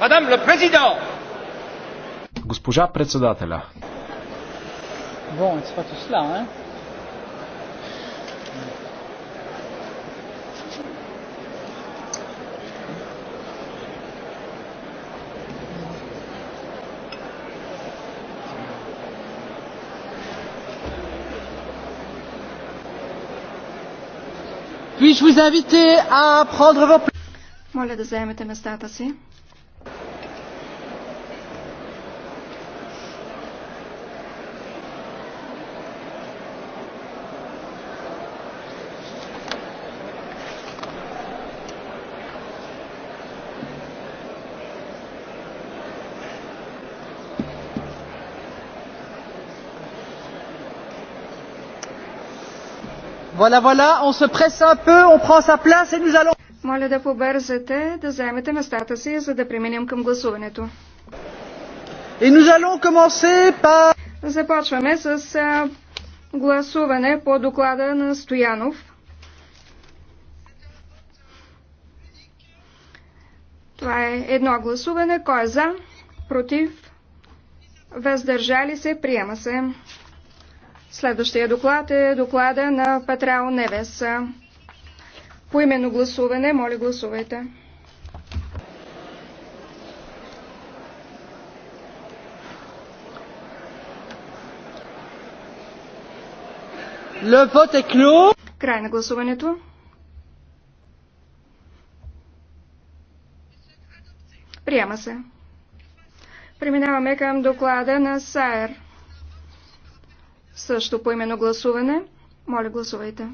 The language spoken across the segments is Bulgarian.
Мадам ле президент! Госпожа председателя. Bon, pas tout cela, hein? Puis-je vous inviter à prendre vos... Моля да заемете местата си. Voilà, voilà, on se presse un peu, on prend sa place et nous allons... Моля да побързате, да заемете местата си, за да преминем към гласуването. И nous allons commencer par... Започваме с гласуване по доклада на Стоянов. Това е едно гласуване. Кой е за? Против? Въздържали се? Приема се. Следващия доклад е доклада на Патрао Невеса. По именно гласуване, моля гласувайте. Le vote est clos. Край на гласуването. Приема се. Преминаваме към доклада на САЕР. Също по именно гласуване. Моля, гласувайте.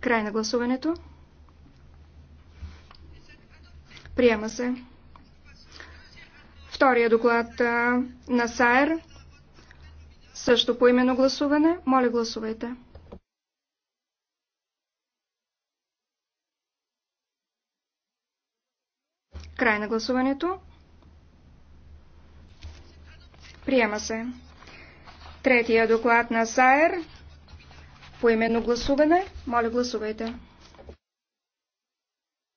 Край на гласуването. Приема се. Втория доклад на САЕР. Също по именно гласуване. Моля, гласувайте. Край на гласуването. Приема се. Третия доклад на САЕР. Поименно гласуване. Моля гласувайте.